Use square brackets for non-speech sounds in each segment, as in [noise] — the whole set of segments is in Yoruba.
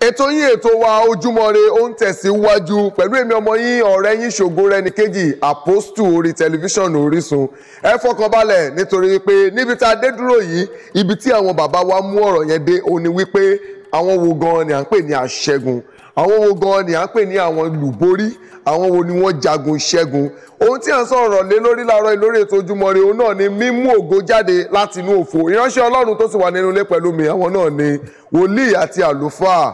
ètò yín ètò wa ojúmọ́ re ó ń tẹ̀síwájú pẹ̀lú èmi ọmọ yín ọ̀rẹ́ yín Ṣògorẹ̀ní kejì àpòstù orí tẹlifíṣàn Orísun ẹ fọkànbalẹ̀ nítorí pé níbi tá a dé dúró yìí ibi tí àwọn bàbá wa mú ọ̀rọ̀ yẹn dé ó ní wípé àwọn wo gan ni à ń pè ní aṣẹ́gun àwọn wo gan ni à ń pè ní àwọn lùborí àwọn wo ni wọ́n jagun ṣẹ́gun ohun tí à ń sọ̀rọ̀ lé lórí láàárọ̀ ìlórí ètò Ojúmọ́ Ire òun náà ni mímú ògo jáde láti inú òfo ìránṣẹ́ Ọlọ́run tó sì wà nínú ilé pẹ̀lú mi àwọn náà ni wòlíì àti àlùfáà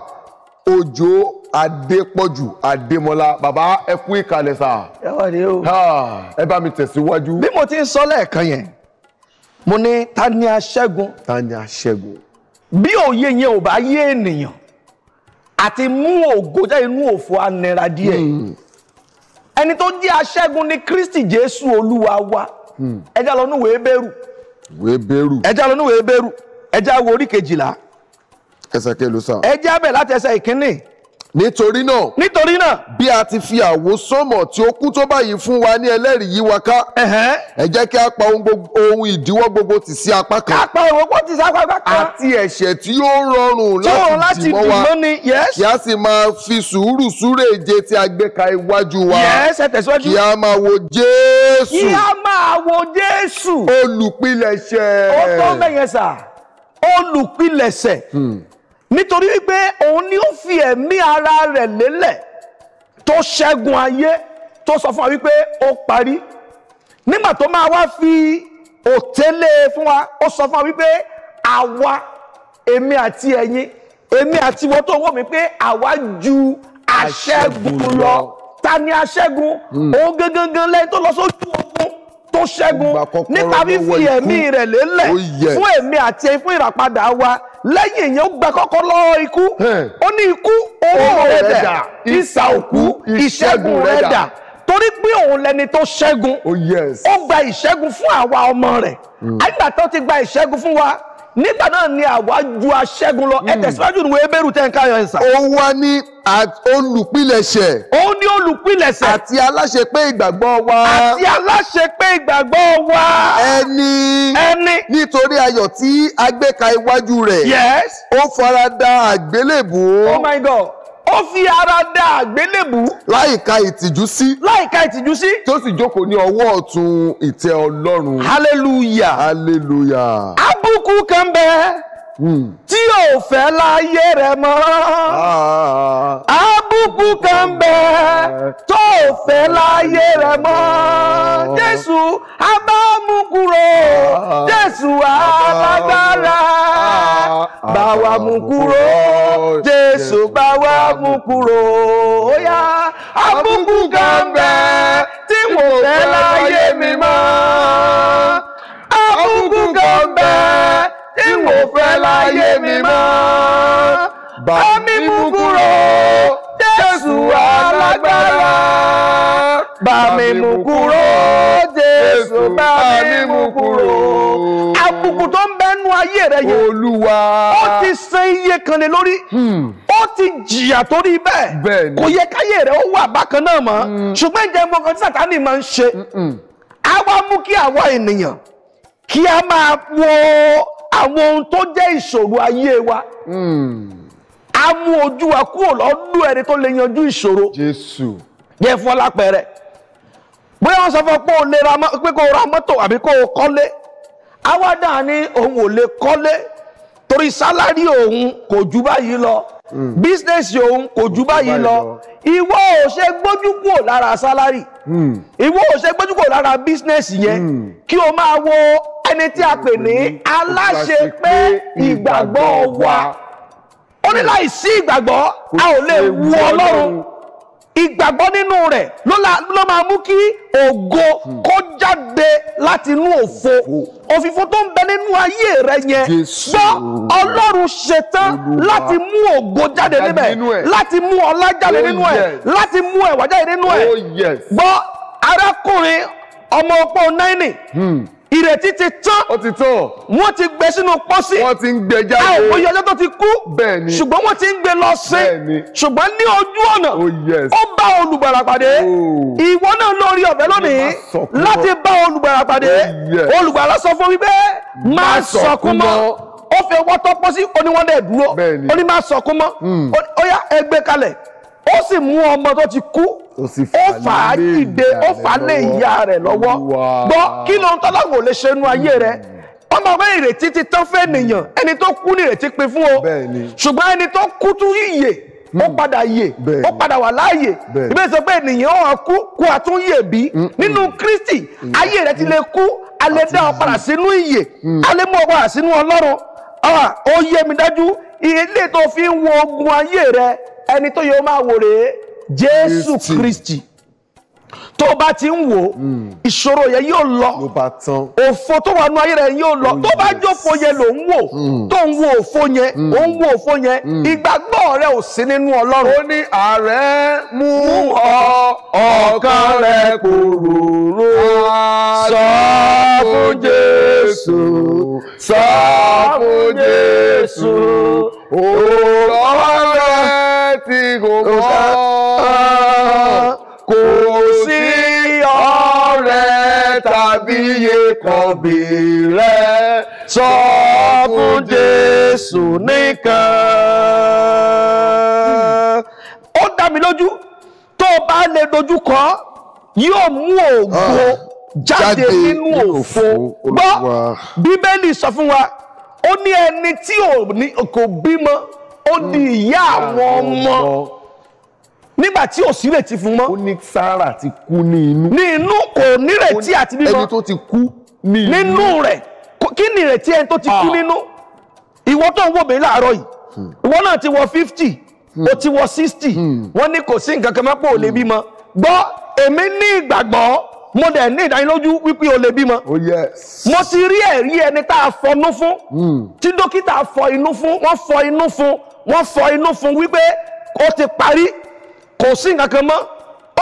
Ojo adépọ̀jù ademola baba ẹ kú ìkàlẹ̀ sà. ẹ wà ní o. ẹ bá mi tẹ̀síwájú. bí mo ti ń sọ lẹ́ẹ̀kan yẹn mo ní ta ni aṣẹ́gun. ta ni aṣẹ́gun. bí òye yẹn ò bá yé ènìyàn àti mú ògo jáde inú òfò anira díẹ̀ hmm. ẹni tó jẹ́ aṣẹ́gun ni kristi jésù olúwa wa hmm. ẹja lọ nínú bẹ́rù. ìwé bẹ́rù. ẹja lọ nínú bẹ́rù ẹja wo orí kejìlá ẹsẹ̀ kẹlò sá. ẹ jẹ́ abẹ láti ẹsẹ̀ ìkínní. nítorí náà. nítorí náà. bí a ti fi àwòsánmọ̀ tí ó kú tó báyìí fún wa ní ẹlẹ́rìí yí wa ká. ẹ jẹ́ kí a pa ohun ìdíwọ́ gbogbo tì sí apá kan. a pa ohun gbogbo tì sí apá kan. àti ẹ̀ṣẹ̀ tí ó rọrùn láti dì wa kí a sì máa fi sùúrù súrè je tí a gbé ka iwájú wa. kí a máa wo Jésù. kí a máa wo Jésù. olùpilẹ̀ṣẹ̀. olùpilẹ̀ṣẹ̀. Hmm nítorí wípé òun ni ó fi ẹ̀mí ara rẹ̀ lélẹ̀ tó ṣẹ́gun ayé tó sọ fún wa wípé ó parí nígbà tó máa wá fi òtélé e fún wa ó sọ fún wa wípé àwa èmi àti ẹ̀yin èmi àti ìwọ tó wò mí pé àwa ju àṣẹ́gun lọ ta ni aṣẹ́gun hmm. òun gangan lẹ́yìn tó lọ sójú ogun tó ṣẹ́gun nípa fífi ẹ̀mí rẹ̀ lélẹ̀ fún èmi àti fún ìràpadà wa lẹ́yìn èèyàn ó gba kọ́kọ́ lọ́wọ́ ikú ó ní ikú owó rẹ̀ dà ìsà òkú ìṣẹ́gun rẹ̀ dà torí pé òun lẹni tó ṣẹ́gun oh, ó gba ìṣẹ́gun fún àwa ọmọ rẹ̀ hmm. àyìnbá ti gba ìṣẹ́gun fún wa nígbà náà ni àwa ju aṣẹ́gun lọ ẹ hmm. tẹ̀síwájú ìwé ebéèrú tẹ́ ń káyọ̀ ẹ̀sà. ó wá ní olùpilẹ̀ṣẹ̀. ó ní olùpilẹ̀ṣẹ̀. àti aláṣepé ìgbàgbọ́ wa. àti aláṣepé ìgbàgbọ́ wa. ẹni. ẹni. nítorí ayọ̀ tí a gbé iwájú rẹ̀. yes. ó farada àgbélébùú. oh my god ó fi ara da àgbélébù. láìka ìtìjú sí. láìka ìtìjú sí. tí ó sì jókòó ní ọwọ́ ọ̀tún ìtẹ́ ọlọ́run. hallelujah. hallelujah. Abuku kan bẹ. Hmm. tí ò fẹ́ láyé rẹ mọ́. Ah. àbùkù kan bẹ. tó ò fẹ́ láyé rẹ mọ́. Oh. jésù bá wa mú kúrò jésù bá wa mú kúrò ó yá àbùkù kan bẹ tí mo fẹ́ láyé mi mọ́ àbùkù kan bẹ tí mo fẹ́ láyé mi mọ́ bá mú kúrò jésù alágbára bá mú kúrò jésù bá mú kúrò àbùkù tó ń bẹ ayé rẹ yẹn. olúwa. ó ti san iye kan lé lórí. Hmm. ó ti jìyà torí bẹ́ẹ̀. bẹ́ẹ̀ni kò yẹ káyé rẹ ó wà bákan náà mọ́. Hmm. ṣùgbọ́n ìjẹ́ mọ́kàn tí sàtánì máa ń ṣe. á wá mú kí àwa ènìyàn kí a máa wo àwọn ohun tó jẹ́ ìṣòro ayé wa. Hmm. a mú ojú wa kúrò lọ́dún ẹni tó lè yanjú ìṣòro. jésù. yẹ fún ọlápẹrẹ bóyá wọn sọ fún ọ pé kó ra mọ́tò àbí kó kọ́lé awada ní òun ò lè kọ́lé torí sálárì òun kò jù báyìí lọ hmm. bísínẹ́sì òun kò jù báyìí lọ ìwọ ò ṣe gbójú kúrò lára sálárì hmm. ìwọ ò ṣe gbójú kúrò lára bísínẹ́sì yẹn hmm. kí o máa wo ẹni tí a pè ní aláṣepé ìgbàgbọ́ wa ó ní láìsí ìgbàgbọ́ a ò lè wu Ọlọ́run ìgbàgbọ́ nínú rẹ̀ ló máa mú kí ògo kó jáde láti inú òfo òfìfo tó ń bẹ nínú ayé rẹ yẹn gbọ́ ọlọ́run ṣetán láti mú ògo jáde níbẹ̀ láti mú ọlá jáde oh, nínú ẹ̀ láti mú ẹ̀wà jáde nínú ẹ̀ oh, gbọ́ arákùnrin ọmọ ọpọ́ náírà hmm ìrètí ti tán. ó ti tán. wọ́n ti gbé sínú pósí. wọ́n ti ń gbé jáde. a ò mọ iye ọjọ́ tó ti kú. bẹ́ẹ̀ni. ṣùgbọ́n wọ́n ti ń gbé lọ sí. bẹ́ẹ̀ni. ṣùgbọ́n ní ojú ọ̀nà. oh yes. ó bá olùgbàlà pàdé. Oh. ìwọ náà lórí ọ̀fẹ́ lónìí. láti bá olùgbàlà pàdé. Oh, olùgbàlà sọ fún wípé má sọkún mọ́ ó fi ọwọ́ tọ́ oníwọ́n dẹ̀ dúró. bẹ́ẹ̀ni. ó ní má sọkún mọ́. Hmm. ó yá ẹgbẹ́ kalẹ̀ ó sì mú ọmọ tó ti kú ó fà á dìde ó fà á lé ìyá rẹ̀ lọ́wọ́ gbọ́ kí ló ń tọ́láwò lè ṣe inú ayé rẹ̀ hmm. ọmọ ọgbẹ́ ìrètí ti tán fẹ́ nìyàn ẹni tó kú ní ìrètí pin fún o ṣùgbọ́n ẹni tó kú tún yíyè hmm. ó padà yè ó padà wà láàyè ìbí sọ pé ènìyàn ọ̀hún kú kó a tún yè bí hmm. nínú Kristi ayé rẹ̀ ti lè kú a lè dá ọ padà sínú ìyè a mú ọ padà sínú Ọlọ́run ah, ó yé mi dájú ilé tó fi ń wo ogun ayé rẹ̀ ẹni tó yẹ ó máa wò rèé jésù kristi tó o bá ti ń wò hmm. ìṣòro yẹn yóò lọ òfo tó wà nú ayé rẹ yóò lọ oh, tó bá jókòó yẹn ló ń wò hmm. tó ń wo òfo yẹn hmm. ó ń wo òfo yẹn ìgbàgbọ́ rẹ ò sí nínú ọlọ́run. ó ní ààrẹ mú ọ ọkàn rẹ kúrúrú sọ fún jésù sọ fún jésù ó tí kò mọ́ kò sí ọ̀rẹ́ tàbí yekọ̀bì rẹ̀ sọ fún Jésù nìkan. ó dá mi lójú tó o bá lè dojú kọ yóò mú ògo ah, jáde nínú òfo gbọ́ bíbélì sọ fún wa ó ní ẹni tí kò bímọ ó di ìyá àwọn ọmọ nígbà tí ò sí retí fún mọ́. ó ní Sárà ti kú ní inú. ní inú kò nírètí àti bímọ. ẹni tó ti kú ní inú. nínú rẹ̀ kí ni ìrètí ẹni tó ti kú ah. nínú. ìwọ tó ń wò mí láàárọ̀ yìí hmm. ìwọ náà ti wọ fifty ó hmm. ti wọ sixty hmm. wọ́n ní kò sí nǹkan kan mọ́ pé ò lè bímọ gbọ́ èmi ní ìgbàgbọ́ mo dẹ̀ ní ìdánilójú wípé o lè bímọ. oh yes. mo ti rí ẹ̀rí ẹni tá a fọnú fún tí dókítà fọ inú fún wọ́n fọ inú fún wọ́n fọ inú fún wípé ó ti parí kò sí nǹkan kan mọ́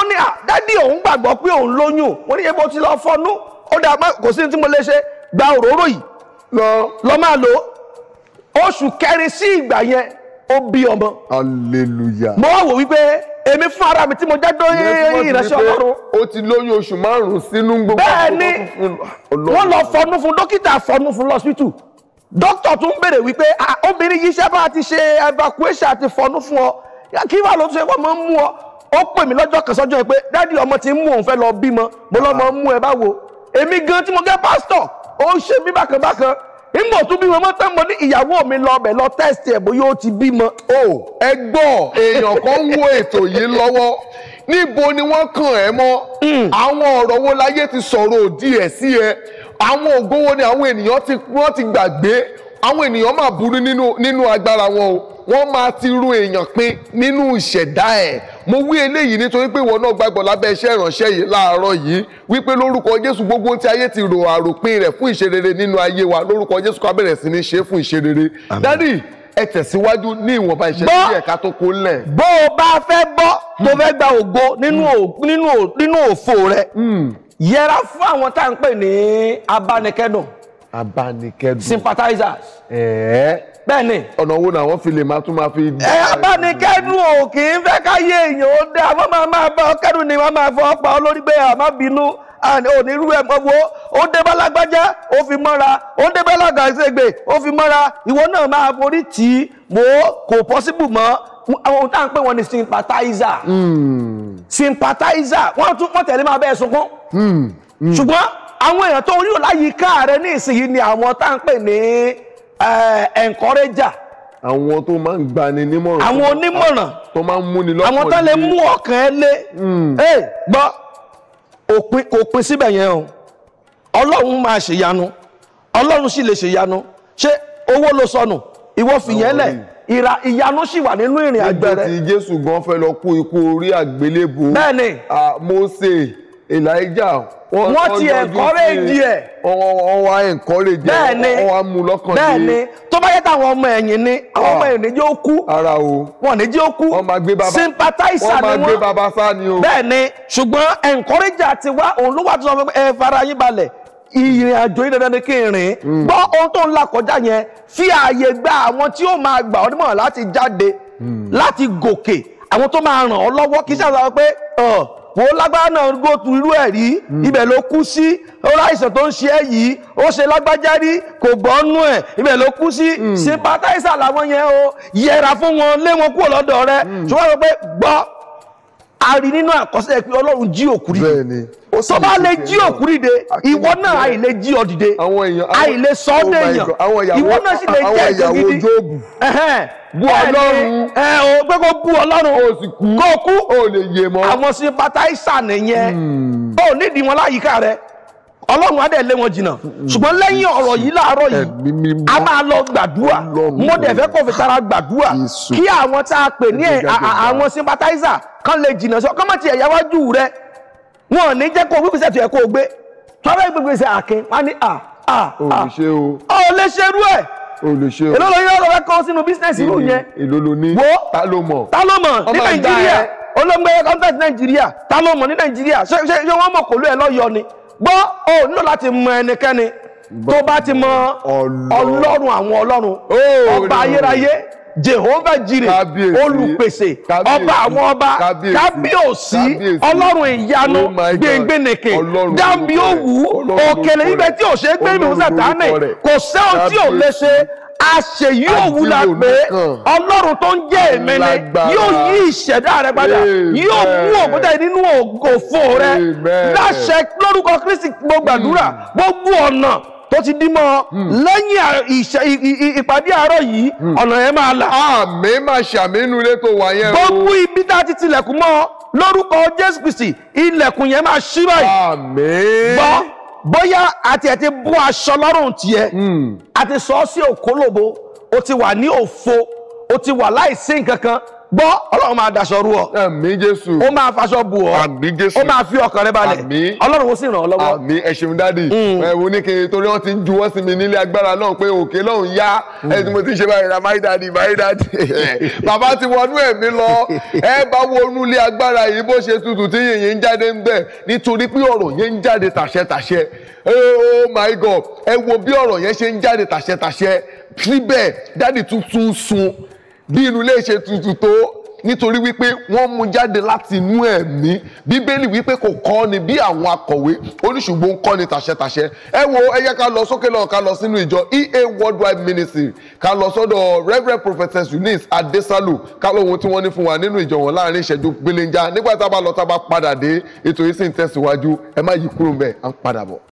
ó ní dádì òun gbàgbọ́ pé òun lóyún wọ́n ní ebo ti lọ fọnú ó dà má kò sí ní tí mo lè ṣe gba òróró yìí lọ máa lò oṣù kẹrin sí ìgbà yẹn ó bí ọmọ. hallelujah. mo wá wò wípé èmi fún ara mi tí mo jẹ́ dóyè ọlọ́run. ó ti lóyún oṣù márùn-ún sínú gbogbo. bẹ́ẹ̀ ni wọ́n lọ fọnú fún dókítà fọnú fún lọ́sítù dókítà tún béèrè wípé obìnrin yìí ṣe bá ti ṣe evacuation àti fọnú fún ọ kí wàá ló tún ṣe wọ́n máa ń mú ọ ó pè mí lọ́jọ́ kan sọ́jọ́ pé dáàdi ọmọ ti ń mú òun fẹ́ lọ bímọ mo lọ́mọ mú ẹ báwo èmi gan tí mo gẹ́ pásítọ̀ ó ṣe mí bákan bákan nígbà tó bímọ mọ́ tán mo ní ìyàwó mi lọ bẹ̀ lọ tẹ́sítì ẹ̀ bóyá ó ti bímọ. o ẹ gbọ́ èèyàn kan ń wo ètò yìí lọ́wọ́ níbo ni wọ́n kàn ẹ́ mọ́ hmm. àwọn ọ̀rọ̀ wo láyé ti sọ̀rọ̀ òdì ẹ̀ sí ẹ àwọn ògbówó ni àwọn ènìyàn ti wọ́n ti gbàgbé àwọn ènìyàn máa burú nínú nínú agbára wọn o wọ́n máa ti ru èèyàn pin nínú ìṣẹ̀dá ẹ̀ mo wí eléyìí nítorí pé ìwọ náà gbàgbọ́ lábẹ́ iṣẹ́ ìránṣẹ́ yìí láàárọ̀ yìí wípé lórúkọ Jésù gbogbo ohun tí ayé ti rò àròpin rẹ̀ fún ìṣerere nínú ayé wa lórúkọ Jésù ká bẹ̀rẹ̀ sí ní ṣe é fún ìṣerere dádì ẹ tẹ̀síwájú ní ìwọ̀nba ìṣẹ́jú díẹ̀ ká tó kó lẹ̀. bó o bá fẹ́ bọ́ tó fẹ́ gba ògo nínú hmm. òfò rẹ̀ hmm yẹra fún àwọn tá à ń pè ní abánikẹ́dùn abánikẹ́dùn sympathizers. ẹ̀ẹ́ bẹ́ẹ̀ ni. ọ̀nà wo làwọn fi lè máa tún máa fi. ẹ abánikẹ́dùn ò kì í fẹ́ ká yé èèyàn ó dé àwọn máa máa bá ọ kẹ́dùn ni wọ́n máa fọ́ pa ọ lórí pé àmọ́ bínú onírú ẹ̀ mọ́ wo ó dé bá lágbájá ó fi mọ́ra ó dé bá ó fi mọ́ra ìwọ náà máa forí tì í mọ́ kò pọ́síbù mọ́ ohun tá à ń pè wọ́n ní sympathizer hmm. sympathizer wọ́n tún wọ́n tẹ̀lé máa bẹ́ẹ̀ sunkún hmm. Hmm. ṣùgbọ́n àwọn èèyàn tó nílò láyìíká rẹ ní ìsinyìí ni àwọn tá à ń pè ní eh, encourager àwọn tó máa ń gbani nímọ̀ràn àwọn onímọ̀ràn tó máa ń múni lọ́kàn àwọn tó lè mú ọkàn ẹ lé eh, gbọ́ òpin síbẹ̀ yẹn o ọlọ́run máa ṣèyanu ọlọ́run sì lè ṣèyanu ṣé owó ló sọnù ìwọ fìyẹn lẹ̀ ìra ìyanu sì wà nínú ìrìn àjò rẹ. nígbà tí jésù gan fẹ́ lọ kú ikú orí àgbélébù. bẹ́ẹ̀ni. mose elijah wọ́n ti encourage ẹ̀. wọ́n wá encourage ẹ̀ wọ́n wá mú lọ́kàn yìí. bẹ́ẹ̀ni tó bá yẹ táwọn ọmọ ẹ̀yìn ni ọmọ ẹ̀yìn jẹ́ ó kú. ara o wọ́n ní jẹ́ ó kú. wọ́n máa gbé baba sympathizer ni wọ́n. wọ́n máa gbé baba sá ni o. bẹ́ẹ̀ni ṣùgbọ́n encourager ti wá òun ló wà tó sọ fún ẹ fara yín balẹ̀ ìrìn àjò yìí dandan ni kí n rìn hmm. gbọ́ ohun tó ń là kọjá yẹn fi ààyè gba àwọn tí ó máa gbà ọ́ nímọ̀ràn láti jáde hmm. láti gòkè àwọn tó máa ràn ọ́ lọ́wọ́ kì í ṣàlàyé pé wo lágbára náà gbó tu irú ẹ̀ rí hmm. ibẹ̀ ló kú sí ó ráìsàn tó ń ṣe ẹ́ yìí ó ṣe lágbájá rí kò bọ́nú ẹ̀ ibẹ̀ ló kú sí sympathizer làwọn yẹn o yẹra fún wọn lé wọn kúrò lọ́dọ̀ rẹ ṣùgbọ́n pé gbọ́ a rí nínú àkọsílẹ̀ pé ọlọ́run jí òkú dìde tó bá lè jí òkú dìde ìwọ náà àì lè jí ọ dìde àì lè sọ ọ́ dèèyàn ìwọ náà sì lè jẹ́ ètò gidi bu ọlọ́run ẹ o pé kó bu ọlọ́run o sì kú kó kú àwọn sympathizer nìyẹn hmm. o nídìí wọn láyìíká rẹ ọlọ́run á dẹ̀ lé wọn jìnnà ṣùgbọ́n lẹ́yìn ọ̀rọ̀ yìí láàárọ̀ yìí a máa lọ gbàdúrà mo dẹ̀ fẹ́ kó fi tara gbàdúrà kí àwọn tá a pè ní àwọn sympathizer kan lè jìnnà sọ kọ́mọ̀ tiẹ̀ yáwájú rẹ wọn ò ní jẹ́ kó gbígbèsè tó yẹ kó gbé tọ́lá ìgbégbèsè àkín wọn ni à à à ò lè ṣerú ẹ̀ olùṣe o. èló ló yẹ ọ̀rọ̀ rẹ kọ sínú bísínẹ́sì ìlú yẹn. èló ló ní. wo ta ló mọ̀. ta ló mọ̀ ní nàìjíríà olóńgbé kọ́ńtẹ́ẹ̀tì nàìjíríà ta ló mọ̀ ní nàìjíríà ṣé wọ́n mọ̀ kòló ẹ̀ lọ́yọ̀ ni gbọ́ ò nílò láti mọ ẹnikẹ́ni tó bá ti mọ ọlọ́run àwọn ọlọ́run ọba ayérayé jehova jire olùpèsè ọba àwọn ọba kábíyèsí ọlọ́run ìyanu oh gbẹngbẹnẹkẹ dábì òwú òkèlè ibẹ̀ tí ò ṣe é gbẹmí òun kò sẹ́wọ̀n tí ò lè ṣe àṣeyí òwú la pé ọlọ́run tó ń jẹ́ èmi ni yóò yí ìṣẹ̀dá rẹ padà yóò mú òkúta nínú ògòfò rẹ láṣẹ lórúkọ kristi gbogbo àdúrà hmm. gbogbo ọ̀nà tó ti dí mọ́ hmm. lẹ́yìn ìpàdé àárọ̀ yìí hmm. ọ̀nà yẹn máa là. àmì máa ṣàmínú ilé tó wà yẹn o. gbogbo ibi tá a ti tilẹ̀kùn mọ́ lórúkọ jésù kristi ilẹ̀kùn yẹn máa ṣí báyìí. àmì. gbọ́ bóyá àti ẹ̀ ti bú aṣọ lọ́rùn tiẹ̀ àti hmm. sọ ọ́ o ti wà ní òfo o ti wà láìsí nǹkan gbọ́ ọlọ́run máa daṣọ rú ọ. àmín jésù. ó máa faṣọ bù ọ. àmín jésù. ó máa fi ọkàn rẹ balẹ̀. àmín. ọlọ́run ó sì ràn ọ lọ́wọ́. àmín ẹ ṣeun dádì. Mm. ẹ wo ní kí n torí wọn ti ń juwọ́ sí mi nílé agbára náà pé òkè lọ́hùn yá mm. ẹ tí mo ti ń ṣe báyìí ra my daddy my daddy. [laughs] bàbá ti wọnú ẹ̀mí lọ ẹ bá wọnú ilé agbára yìí bó ṣe tutù tí yìnyín ń jáde ń bẹ̀ nítorí pé ọ̀rọ̀ yẹn ń jáde tàṣẹtàṣẹ oh my god ẹ wo bí ọ̀rọ̀ yẹn ṣe ń jáde tàṣẹtàṣẹ síbẹ̀ dádì tuntun sun bí inú ilé ṣe tutù tó nítorí wípé wọ́n mú jáde láti inú ẹ̀mí bíbélì wípé kò kọ́ ni bí àwọn akọ̀wé oníṣùgbọ́n ń kọ́ ni tàṣẹtàṣẹ ẹ wo ẹ yẹ ká lọ sókè lọ ká lọ sínú ìjọ ea worldwide ministry ká lọ sọ́dọ̀ reverend prophetess eunice adesalu ká lọ ohun tí wọ́n ní fún wa nínú ìjọ wọn láàrin ìṣẹ́jú gbéléńjà nígbà tá a bá lọ tá a bá padà dé ètò yìí sì ń tẹ̀síwájú ẹ má yí kúrò ńbẹ̀ à ń padà bọ̀.